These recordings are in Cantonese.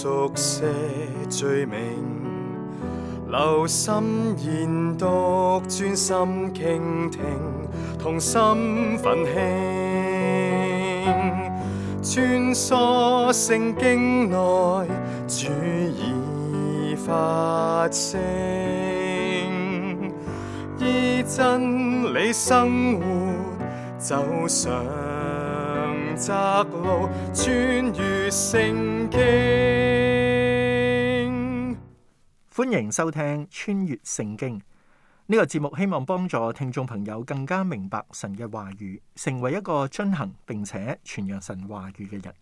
熟悉罪名，留心研讀，專心傾聽，同心奮興，穿梭聖經內，主已發聲，依真理生活，走上窄路穿越聖經，歡迎收聽穿越聖經呢個節目，希望幫助聽眾朋友更加明白神嘅話語，成為一個遵行並且傳揚神話語嘅人。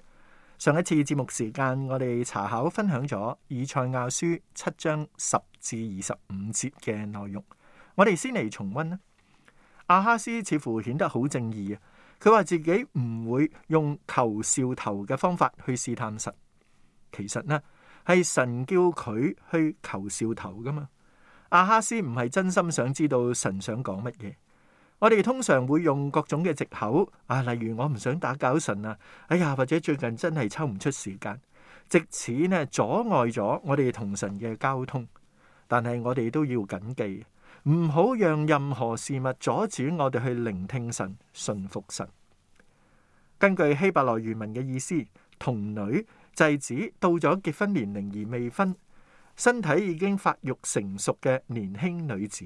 上一次節目時間，我哋查考分享咗以賽亞書七章十至二十五節嘅內容，我哋先嚟重溫。阿哈斯似乎顯得好正義啊！佢話自己唔會用求兆頭嘅方法去試探神，其實呢係神叫佢去求兆頭噶嘛。阿哈斯唔係真心想知道神想講乜嘢。我哋通常會用各種嘅借口啊，例如我唔想打攪神啊，哎呀或者最近真係抽唔出時間，藉此呢阻礙咗我哋同神嘅交通，但係我哋都要謹記。唔好讓任何事物阻止我哋去聆聽神、順服神。根據希伯來語文嘅意思，童女就係指到咗結婚年齡而未婚、身體已經發育成熟嘅年輕女子。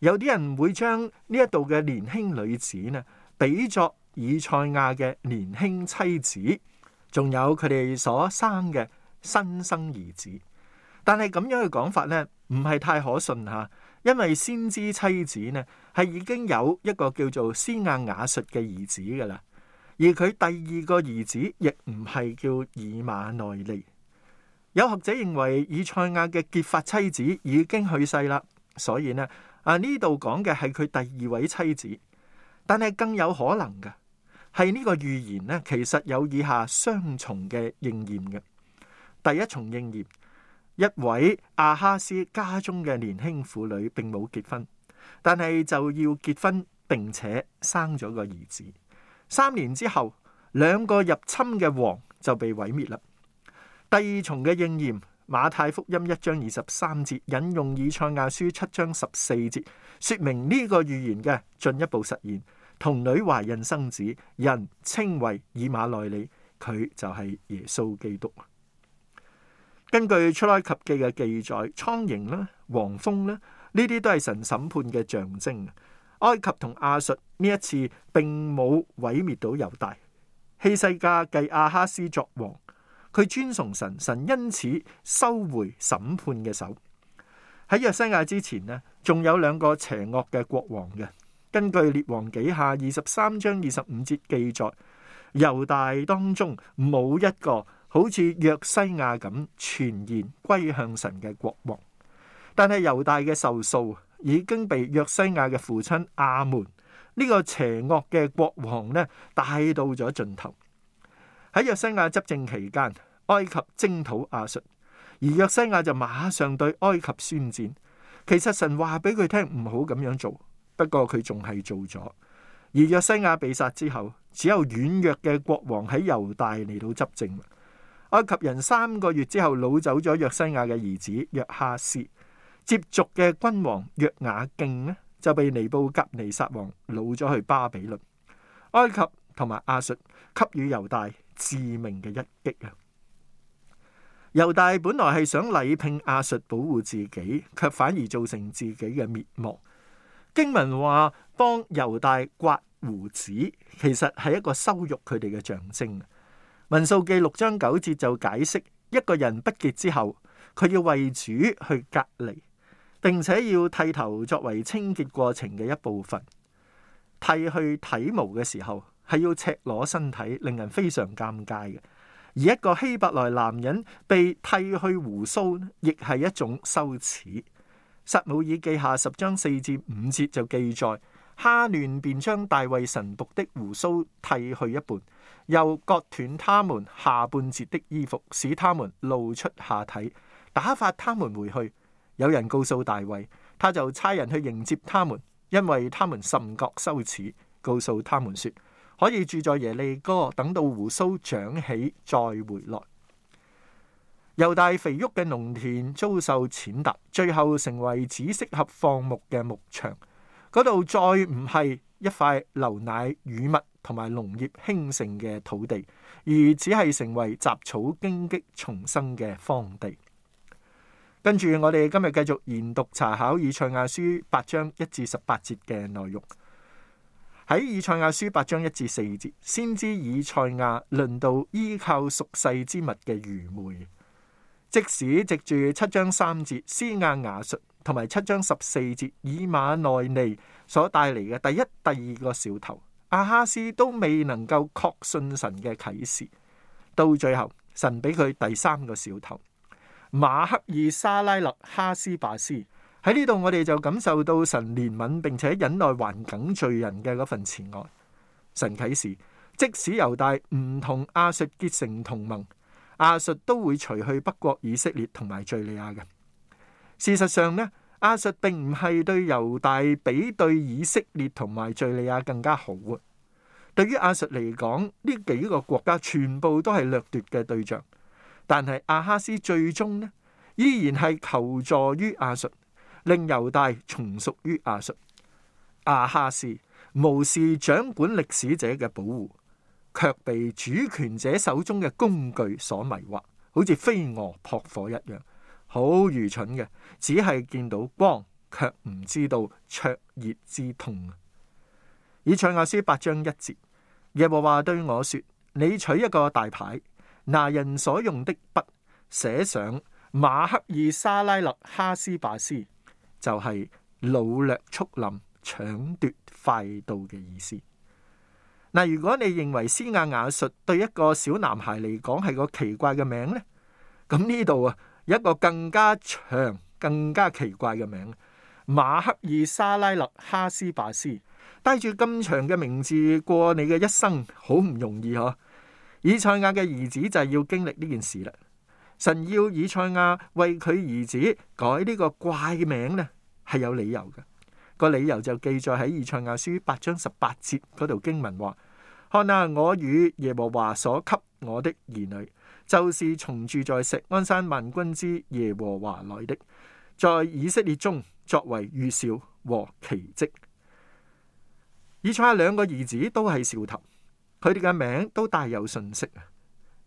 有啲人會將呢一度嘅年輕女子呢，比作以賽亞嘅年輕妻子，仲有佢哋所生嘅新生兒子。但係咁樣嘅講法呢，唔係太可信吓。因為先知妻子呢係已經有一個叫做施亞雅述嘅兒子噶啦，而佢第二個兒子亦唔係叫以馬內利。有學者認為以賽亞嘅結髮妻子已經去世啦，所以呢啊呢度講嘅係佢第二位妻子，但係更有可能嘅係呢個預言呢，其實有以下雙重嘅應驗嘅。第一重應驗。一位亞哈斯家中嘅年輕婦女並冇結婚，但係就要結婚，並且生咗個兒子。三年之後，兩個入侵嘅王就被毀滅啦。第二重嘅應驗，馬太福音一章二十三節引用以賽亞書七章十四節，說明呢個預言嘅進一步實現。童女懷孕生子，人稱為以馬內利，佢就係耶穌基督。根據《出埃及記》嘅記載，蒼蠅啦、黃蜂啦，呢啲都係神審判嘅象徵。埃及同亞述呢一次並冇毀滅到猶大，希西家繼亞哈斯作王，佢尊崇神，神因此收回審判嘅手。喺約西亞之前呢，仲有兩個邪惡嘅國王嘅。根據《列王紀下》二十三章二十五節記載，猶大當中冇一個。好似約西亞咁，傳言歸向神嘅國王，但係猶大嘅壽數已經被約西亞嘅父親亞門呢、呢個邪惡嘅國王呢，帶到咗盡頭。喺約西亞執政期間，埃及征討亞述，而約西亞就馬上對埃及宣戰。其實神話俾佢聽唔好咁樣做，不過佢仲係做咗。而約西亞被殺之後，只有軟弱嘅國王喺猶大嚟到執政。埃及人三個月之後擄走咗約西亞嘅兒子約哈斯，接續嘅君王約雅敬咧就被尼布甲尼撒王擄咗去巴比倫。埃及同埋亞述給予猶大致命嘅一擊啊！猶大本來係想禮聘亞述保護自己，卻反而造成自己嘅滅亡。經文話幫猶大刮鬍子，其實係一個羞辱佢哋嘅象徵。民數記六章九節就解釋，一個人不潔之後，佢要為主去隔離，並且要剃頭作為清潔過程嘅一部分。剃去體毛嘅時候係要赤裸身體，令人非常尷尬嘅。而一個希伯來男人被剃去胡鬚，亦係一種羞恥。撒母耳記下十章四至五節就記載，哈亂便將大衛神僕的胡鬚剃去一半。又割斷他們下半截的衣服，使他們露出下體，打發他們回去。有人告訴大衛，他就差人去迎接他們，因為他們甚覺羞恥。告訴他們說，可以住在耶利哥，等到胡鬚長起再回來。又大肥沃嘅農田遭受踐踏，最後成為只適合放牧嘅牧場，嗰度再唔係一塊牛奶乳蜜。同埋農業興盛嘅土地，而只係成為雜草荊棘叢生嘅荒地。跟住我哋今日繼續研讀查考以賽亞書八章一至十八節嘅內容。喺以賽亞書八章一至四節，先知以賽亞論到依靠屬世之物嘅愚昧。即使藉住七章三節施亞雅述，同埋七章十四節以馬內利所帶嚟嘅第一、第二個兆頭。阿哈斯都未能夠確信神嘅啟示，到最後神俾佢第三個兆頭。馬黑爾沙拉勒、哈斯巴斯。喺呢度，我哋就感受到神憐憫並且忍耐環境罪人嘅嗰份慈愛。神啟示，即使猶大唔同亞述結成同盟，亞述都會除去北國以色列同埋敘利亞嘅。事實上呢，亞述並唔係對猶大比對以色列同埋敘利亞更加好啊！對於亞述嚟講，呢幾個國家全部都係掠奪嘅對象，但係亞哈斯最終呢，依然係求助於亞述，令猶大從屬於亞述。亞哈斯無視掌管歷史者嘅保護，卻被主權者手中嘅工具所迷惑，好似飛蛾撲火一樣，好愚蠢嘅，只係見到光，卻唔知道灼熱之痛。以賽亞書八章一節。耶和華對我說：你取一個大牌，拿人所用的筆，寫上馬克爾沙拉勒哈斯巴斯，就係、是、擄掠速臨搶奪快到嘅意思。嗱，如果你認為施亞雅述對一個小男孩嚟講係個奇怪嘅名呢？咁呢度啊，一個更加長、更加奇怪嘅名馬克爾沙拉勒哈斯巴斯。帶住咁長嘅名字過你嘅一生，好唔容易嗬、啊。以賽亞嘅兒子就係要經歷呢件事啦。神要以賽亞為佢兒子改呢個怪名呢，係有理由嘅。個理由就記載喺《以賽亞書》八章十八節嗰度經文話：，看啊，我與耶和華所給我的兒女，就是從住在石安山萬軍之耶和華來的，在以色列中作為預兆和奇跡。以差兩個兒子都係兆頭，佢哋嘅名都大有信息啊！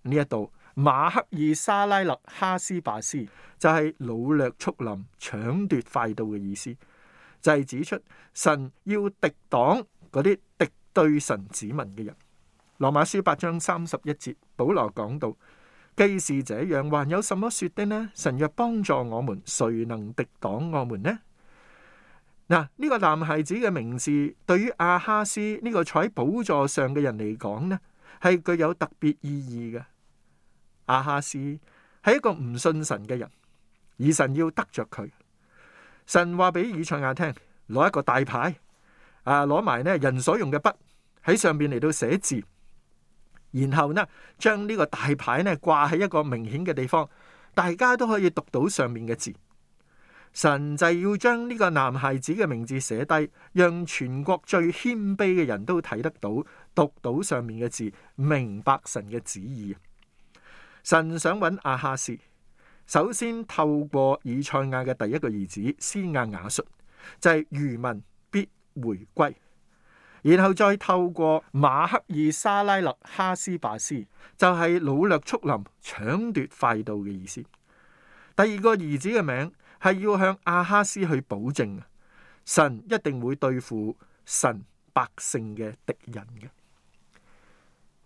呢一度馬克爾沙拉勒哈斯巴斯就係擄掠速臨搶奪快到嘅意思，就係、是、指出神要敵擋嗰啲敵對神子民嘅人。羅馬書八章三十一節，保羅講到：，既是這樣，還有什麼說的呢？神若幫助我們，誰能敵擋我們呢？嗱，呢個男孩子嘅名字對於亞哈斯呢個坐喺寶座上嘅人嚟講呢，係具有特別意義嘅。亞哈斯係一個唔信神嘅人，而神要得着佢。神話俾以賽亞聽，攞一個大牌，啊，攞埋呢人所用嘅筆喺上面嚟到寫字，然後呢將呢個大牌呢掛喺一個明顯嘅地方，大家都可以讀到上面嘅字。神就要將呢個男孩子嘅名字寫低，讓全國最謙卑嘅人都睇得到、讀到上面嘅字，明白神嘅旨意。神想揾亞哈斯，首先透過以賽亞嘅第一個兒子施亞雅述，就係、是、餘民必回歸；然後再透過馬克爾沙拉勒哈斯巴斯，就係、是、擄掠速臨搶奪快到嘅意思。第二個兒子嘅名。係要向亞哈斯去保證神一定會對付神百姓嘅敵人嘅。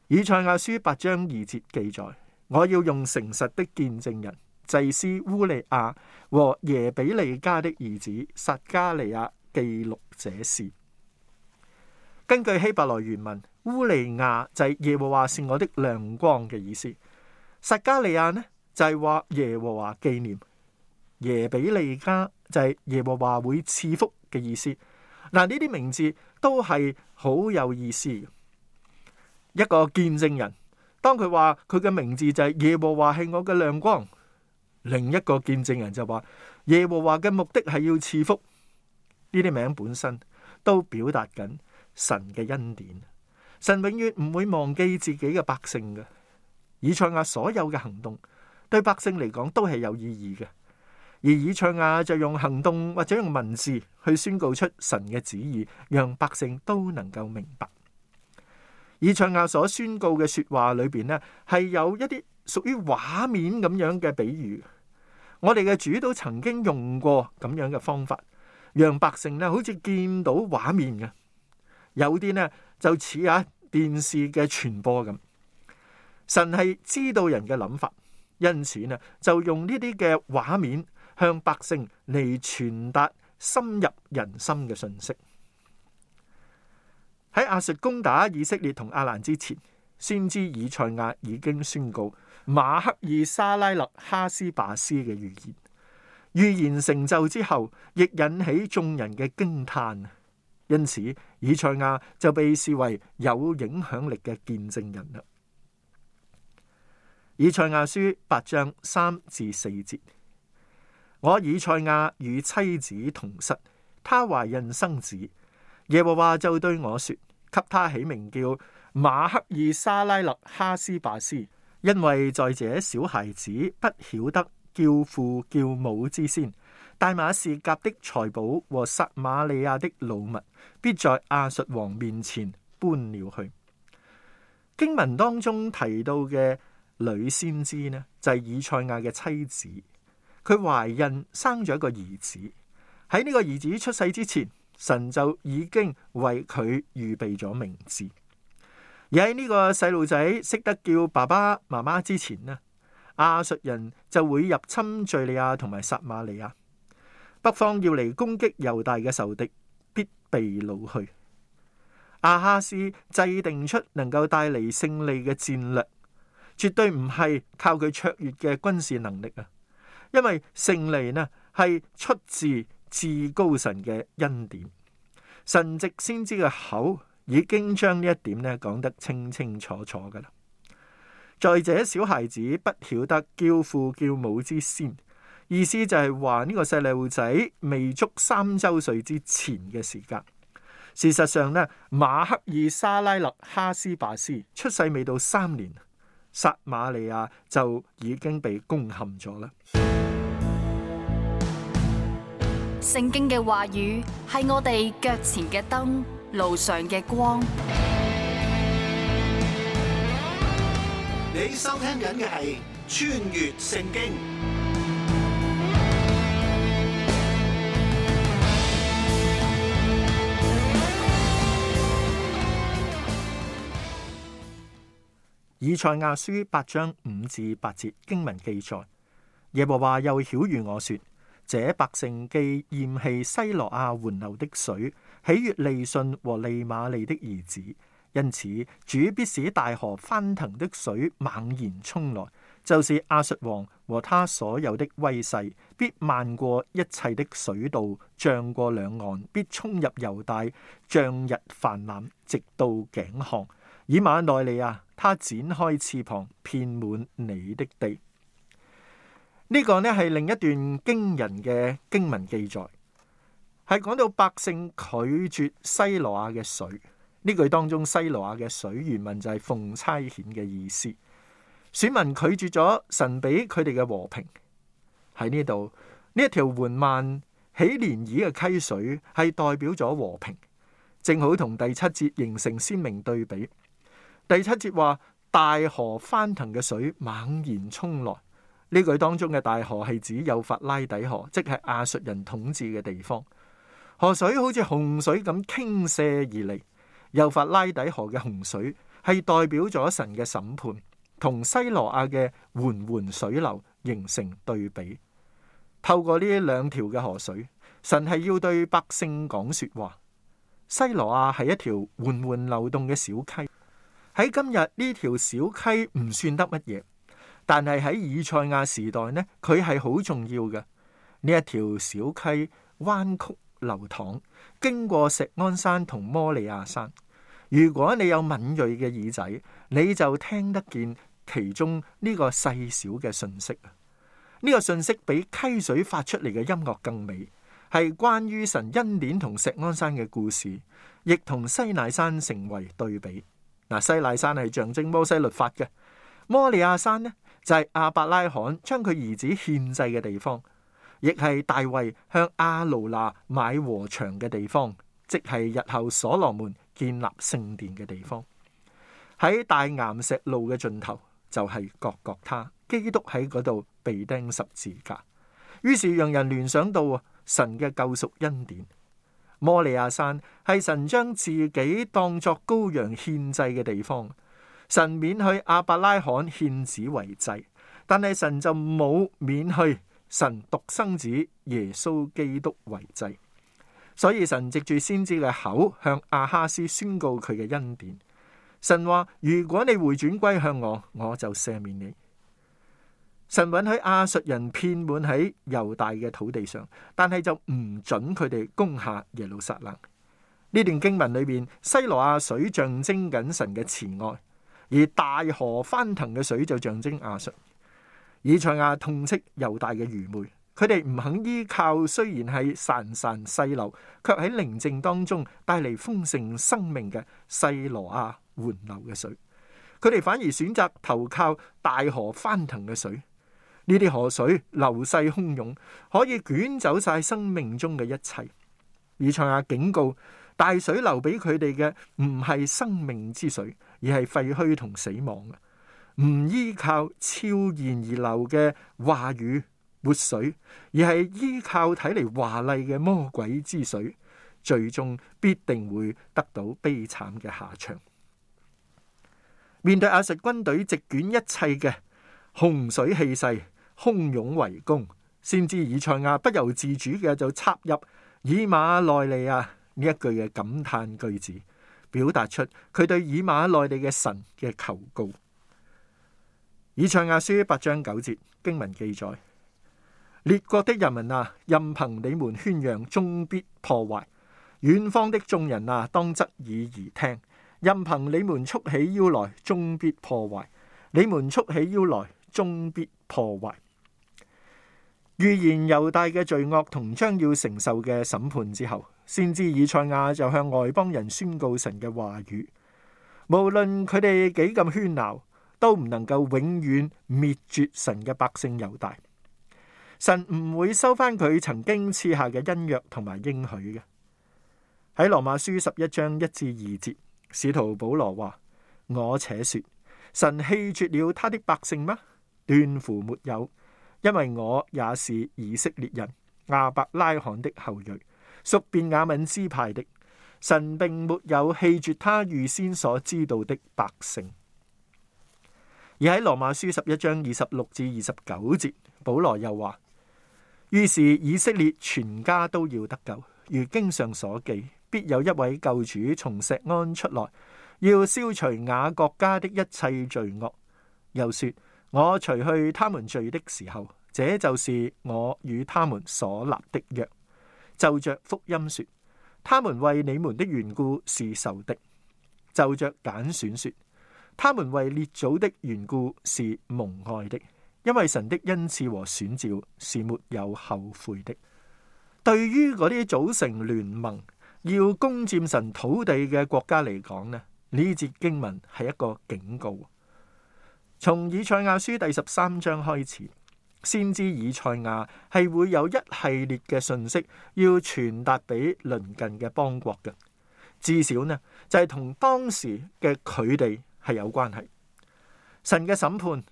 以賽亞書八章二節記載：我要用誠實的見證人，祭司烏利亞和耶比利家的兒子撒加利亞記錄這事。根據希伯來原文，烏利亞就係耶和華是我的亮光嘅意思，撒加利亞呢就係話耶和華紀念。耶比利家就係耶和華會賜福嘅意思。嗱，呢啲名字都係好有意思嘅。一個見證人，當佢話佢嘅名字就係耶和華係我嘅亮光；另一個見證人就話耶和華嘅目的係要賜福。呢啲名本身都表達緊神嘅恩典。神永遠唔會忘記自己嘅百姓嘅。以賽亞所有嘅行動對百姓嚟講都係有意義嘅。而以賽亞就用行動或者用文字去宣告出神嘅旨意，讓百姓都能夠明白。以賽亞所宣告嘅說話裏邊咧，係有一啲屬於畫面咁樣嘅比喻。我哋嘅主都曾經用過咁樣嘅方法，讓百姓咧好似見到畫面嘅。有啲呢，就似啊電視嘅傳播咁。神係知道人嘅諗法，因此呢，就用呢啲嘅畫面。向百姓嚟傳達深入人心嘅信息。喺亞述攻打以色列同亞蘭之前，先知以賽亞已經宣告馬克爾沙拉勒哈斯巴斯嘅預言。預言成就之後，亦引起眾人嘅驚嘆。因此，以賽亞就被視為有影響力嘅見證人啦。以賽亞書八章三至四節。我以賽亞與妻子同室，他懷孕生子，耶和華就對我說：給他起名叫馬克爾沙拉勒哈斯巴斯，因為在這小孩子不曉得叫父叫母之先，大馬士革的財寶和撒瑪利亞的老物，必在亞述王面前搬了去。經文當中提到嘅女先知呢，就係、是、以賽亞嘅妻子。佢懷孕生咗一個兒子，喺呢個兒子出世之前，神就已經為佢預備咗名字。而喺呢個細路仔識得叫爸爸媽媽之前呢，亞述人就會入侵敘利亞同埋撒馬利亞北方，要嚟攻擊猶大嘅仇敵，必被擄去。亞哈斯制定出能夠帶嚟勝利嘅戰略，絕對唔係靠佢卓越嘅軍事能力啊。因為勝利呢係出自至高神嘅恩典，神藉先知嘅口已經將呢一點呢講得清清楚楚噶啦。再者，小孩子不曉得叫父叫母之先，意思就係話呢個細路仔未足三周歲之前嘅時間。事實上呢，馬克爾沙拉勒哈斯巴斯出世未到三年，撒瑪利亞就已經被攻陷咗啦。聖經嘅話語係我哋腳前嘅燈，路上嘅光。你收聽緊嘅係《穿越聖經》。以賽亞書八章五至八節經文記載：耶和華又曉諭我說。這百姓既厭棄西羅亞緩流的水，喜悦利汛和利瑪利的兒子，因此主必使大河翻騰的水猛然衝來，就是亞述王和他所有的威勢，必漫過一切的水道，漲過兩岸，必衝入猶大，漲溢氾濫，直到頸項。以馬內利啊，他展開翅膀，遍滿你的地。呢個呢係另一段驚人嘅經文記載，係講到百姓拒絕西羅亞嘅水。呢句當中，西羅亞嘅水原文就係奉差遣嘅意思。選民拒絕咗神俾佢哋嘅和平。喺呢度，呢一條緩慢起漣漪嘅溪水係代表咗和平，正好同第七節形成鮮明對比。第七節話大河翻騰嘅水猛然衝來。呢句當中嘅大河係指幼發拉底河，即係亞述人統治嘅地方。河水好似洪水咁傾瀉而嚟，幼發拉底河嘅洪水係代表咗神嘅審判，同西羅亞嘅緩緩水流形成對比。透過呢兩條嘅河水，神係要對百姓講說話。西羅亞係一條緩緩流動嘅小溪，喺今日呢條小溪唔算得乜嘢。但係喺以賽亞時代呢，佢係好重要嘅呢一條小溪彎曲流淌，經過錫安山同摩利亞山。如果你有敏銳嘅耳仔，你就聽得見其中呢個細小嘅訊息啊！呢個訊息比溪水發出嚟嘅音樂更美，係關於神恩典同錫安山嘅故事，亦同西乃山成為對比。嗱，西乃山係象徵摩西律法嘅，摩利亞山呢？就係亞伯拉罕將佢兒子獻祭嘅地方，亦係大衛向亞魯納買禾場嘅地方，即係日後所羅門建立聖殿嘅地方。喺大岩石路嘅盡頭就係各各他，基督喺嗰度被釘十字架，於是讓人聯想到神嘅救贖恩典。摩利亞山係神將自己當作羔羊獻祭嘅地方。神免去亞伯拉罕獻子為祭，但係神就冇免去神獨生子耶穌基督為祭。所以神藉住先知嘅口向亞哈斯宣告佢嘅恩典。神話：如果你回轉歸向我，我就赦免你。神允許亞述人遍滿喺猶大嘅土地上，但係就唔准佢哋攻下耶路撒冷。呢段經文裏面，西羅亞水象徵緊神嘅慈愛。.而大河翻騰嘅水就象徵亞述，以賽亞痛斥猶大嘅愚昧，佢哋唔肯依靠雖然係潺潺細流，卻喺寧靜當中帶嚟豐盛生命嘅西羅亞緩流嘅水，佢哋反而選擇投靠大河翻騰嘅水。呢啲河水流勢洶湧，可以捲走晒生命中嘅一切。以賽亞警告。大水流俾佢哋嘅唔係生命之水，而係廢墟同死亡。唔依靠超然而流嘅話語活水，而係依靠睇嚟華麗嘅魔鬼之水，最終必定會得到悲慘嘅下場。面對亞述軍隊席捲一切嘅洪水氣勢，洶湧圍攻，先知以賽亞不由自主嘅就插入以馬內利亞呢一句嘅感嘆句子，表達出佢對以馬內利嘅神嘅求告。以賽亞書八章九節經文記載：，列國的人民啊，任憑你們宣揚，終必破壞；遠方的眾人啊，當側耳而聽。任憑你們束起腰來，終必破壞。你們束起腰來，終必破壞。預言猶大嘅罪惡同將要承受嘅審判之後。先知以賽亞就向外邦人宣告神嘅話語：無論佢哋幾咁喧鬧，都唔能夠永遠滅絕神嘅百姓猶大。神唔會收翻佢曾經賜下嘅恩約同埋應許嘅。喺羅馬書十一章一至二節，使徒保羅話：我且說，神棄絕了他的百姓嗎？斷乎沒有，因為我也是以色列人，亞伯拉罕的後裔。屬便雅敏支派的，神並沒有棄絕他預先所知道的百姓。而喺羅馬書十一章二十六至二十九節，保羅又話：於是以色列全家都要得救。如經上所記，必有一位救主從石安出來，要消除雅各家的一切罪惡。又說：我除去他們罪的時候，這就是我與他們所立的約。就着福音說，他們為你們的緣故是仇敵；就着揀選說，他們為列祖的緣故是蒙愛的。因為神的恩賜和選召是沒有後悔的。對於嗰啲組成聯盟要攻佔神土地嘅國家嚟講呢，呢節經文係一個警告。從以賽亞書第十三章開始。先知以賽亞係會有一系列嘅信息要傳達俾鄰近嘅邦國嘅，至少呢就係同當時嘅佢哋係有關係。神嘅審判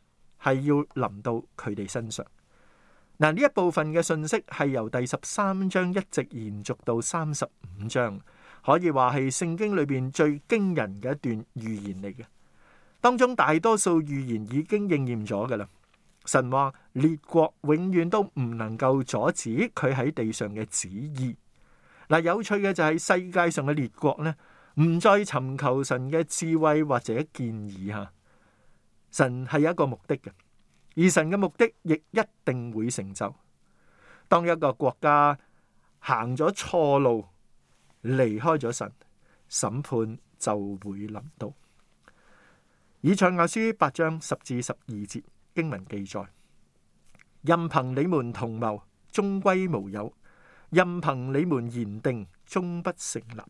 係要臨到佢哋身上。嗱，呢一部分嘅信息係由第十三章一直延續到三十五章，可以話係聖經裏邊最驚人嘅一段預言嚟嘅。當中大多數預言已經應驗咗噶啦。神話列國永遠都唔能夠阻止佢喺地上嘅旨意嗱。有趣嘅就係、是、世界上嘅列國呢，唔再尋求神嘅智慧或者建議吓。神係有一個目的嘅，而神嘅目的亦一定會成就。當一個國家行咗錯路，離開咗神，審判就會臨到。以賽亞書八章十至十二節。經文記載：任憑你們同謀，終歸無有；任憑你們言定，終不成立。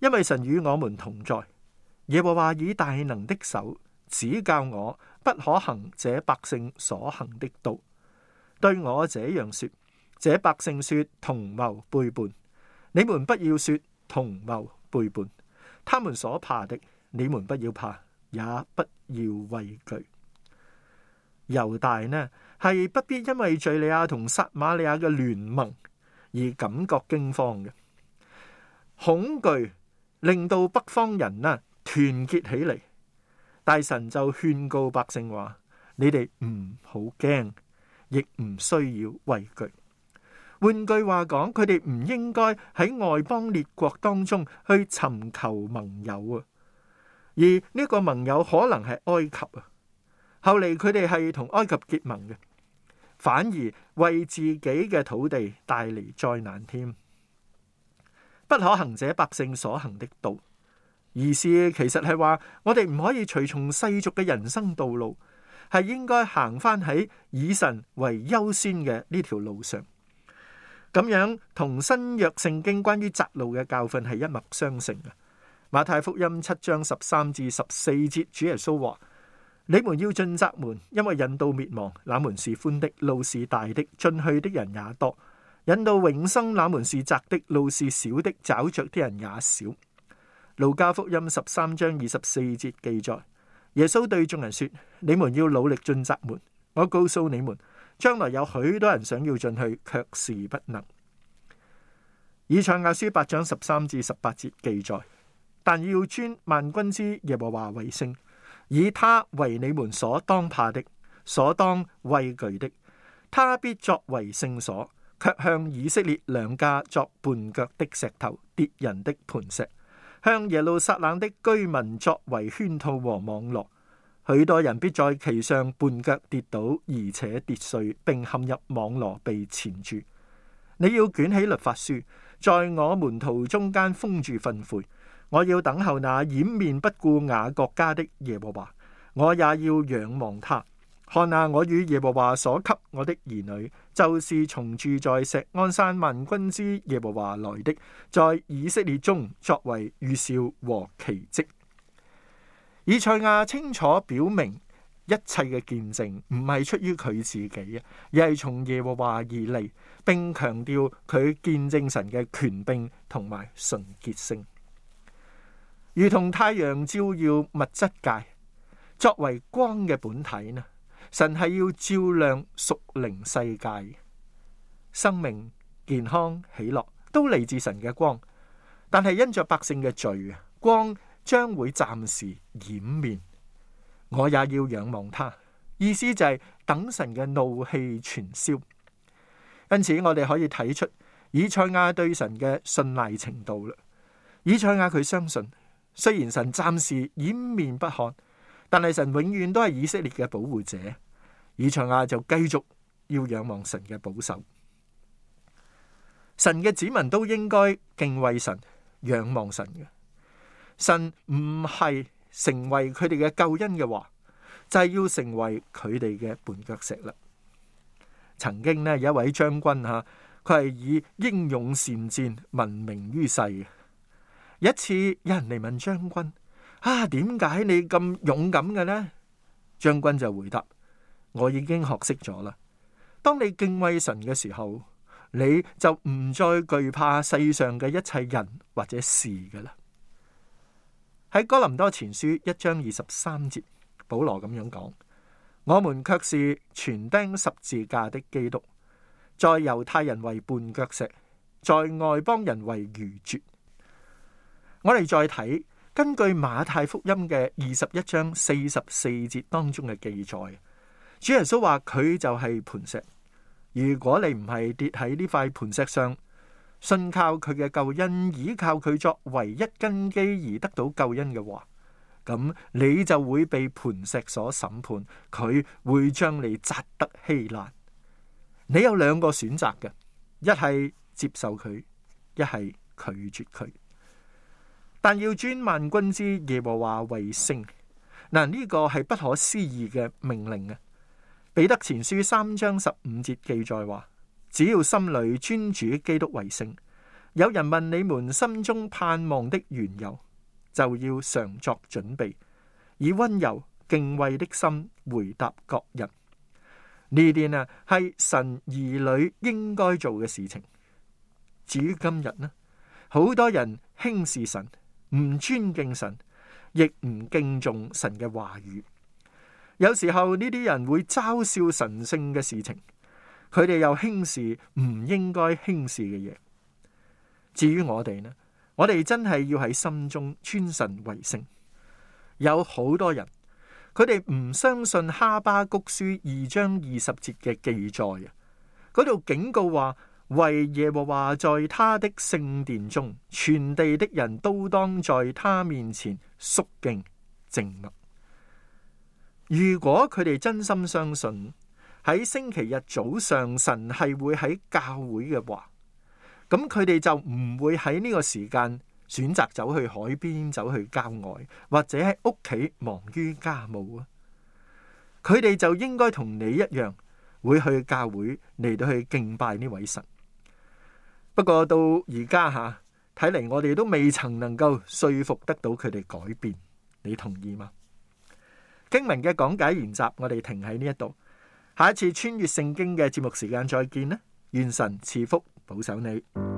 因為神與我們同在。耶和華以大能的手指教我，不可行這百姓所行的道。對我這樣說：這百姓說同謀背叛，你們不要說同謀背叛。他們所怕的，你們不要怕，也不要畏懼。猶大呢，係不必因為敘利亞同撒馬利亞嘅聯盟而感覺驚慌嘅恐懼，令到北方人呢團結起嚟。大神就勸告百姓話：你哋唔好驚，亦唔需要畏懼。換句話講，佢哋唔應該喺外邦列國當中去尋求盟友啊，而呢個盟友可能係埃及啊。後嚟佢哋係同埃及結盟嘅，反而為自己嘅土地帶嚟災難添。不可行者百姓所行的道，而是其實係話我哋唔可以隨從世俗嘅人生道路，係應該行翻喺以神為優先嘅呢條路上。咁樣同新約聖經關於窄路嘅教訓係一脈相承嘅。馬太福音七章十三至十四節，主耶穌話。你們要進窄門，因為引到滅亡，那門是寬的，路是大的，進去的人也多；引到永生，那門是窄的，路是小的，找着的人也少。路加福音十三章二十四節記載，耶穌對眾人說：你們要努力進窄門。我告訴你們，將來有許多人想要進去，卻是不能。以賽亞書八章十三至十八節記載：但要尊萬軍之耶和華為聖。以他為你們所當怕的、所當畏懼的，他必作為聖所，却向以色列兩家作絆腳的石頭、跌人的磐石，向耶路撒冷的居民作為圈套和網絡。許多人必在其上絆腳跌倒，而且跌碎，並陷入網絡被纏住。你要捲起律法書，在我門徒中間封住訓誨。我要等候那掩面不顧雅各家的耶和華，我也要仰望他。看哪，我與耶和華所給我的兒女，就是從住在錫安山萬軍之耶和華來的，在以色列中作為預兆和奇迹。以賽亞清楚表明一切嘅見證唔係出於佢自己啊，而係從耶和華而嚟，並強調佢見證神嘅權柄同埋純潔性。如同太陽照耀物質界，作為光嘅本體呢，神係要照亮屬靈世界，生命、健康、喜樂都嚟自神嘅光。但係因着百姓嘅罪，光將會暫時掩面。我也要仰望他，意思就係等神嘅怒氣全消。因此，我哋可以睇出以賽亞對神嘅信賴程度啦。以賽亞佢相信。雖然神暫時掩面不看，但係神永遠都係以色列嘅保護者。以賽亞就繼續要仰望神嘅保守。神嘅子民都應該敬畏神、仰望神嘅。神唔係成為佢哋嘅救恩嘅話，就係、是、要成為佢哋嘅絆腳石啦。曾經呢，有一位將軍吓，佢、啊、係以英勇善戰聞名於世嘅。一次有人嚟問將軍啊，點解你咁勇敢嘅呢？將軍就回答，我已經學識咗啦。當你敬畏神嘅時候，你就唔再懼怕世上嘅一切人或者事嘅啦。喺哥林多前書一章二十三節，保羅咁樣講，我們卻是傳釘十字架的基督，在猶太人為絆腳石，在外邦人為愚拙。我哋再睇，根據馬太福音嘅二十一章四十四節當中嘅記載，主耶穌話：佢就係磐石。如果你唔係跌喺呢塊磐石上，信靠佢嘅救恩，倚靠佢作唯一根基而得到救恩嘅話，咁你就會被磐石所審判，佢會將你砸得稀爛。你有兩個選擇嘅，一係接受佢，一係拒絕佢。但要尊萬軍之耶和華為聖，嗱呢個係不可思議嘅命令啊！彼得前書三章十五節記載話：只要心裏尊主基督為聖，有人問你們心中盼望的緣由，就要常作準備，以温柔敬畏的心回答各人。呢啲啊係神兒女應該做嘅事情。至於今日呢，好多人輕視神。唔尊敬神，亦唔敬重神嘅話語。有時候呢啲人會嘲笑神聖嘅事情，佢哋又輕視唔應該輕視嘅嘢。至於我哋呢，我哋真係要喺心中尊神為聖。有好多人，佢哋唔相信哈巴谷書二章二十節嘅記載啊！嗰度警告話。為耶和華在他的聖殿中，全地的人都當在他面前肅敬靜默。如果佢哋真心相信喺星期日早上神係會喺教會嘅話，咁佢哋就唔會喺呢個時間選擇走去海邊、走去郊外或者喺屋企忙於家務啊。佢哋就應該同你一樣，會去教會嚟到去敬拜呢位神。不過到而家吓，睇嚟我哋都未曾能夠說服得到佢哋改變，你同意嗎？經文嘅講解完集，我哋停喺呢一度，下一次穿越聖經嘅節目時間再見啦。願神賜福保守你。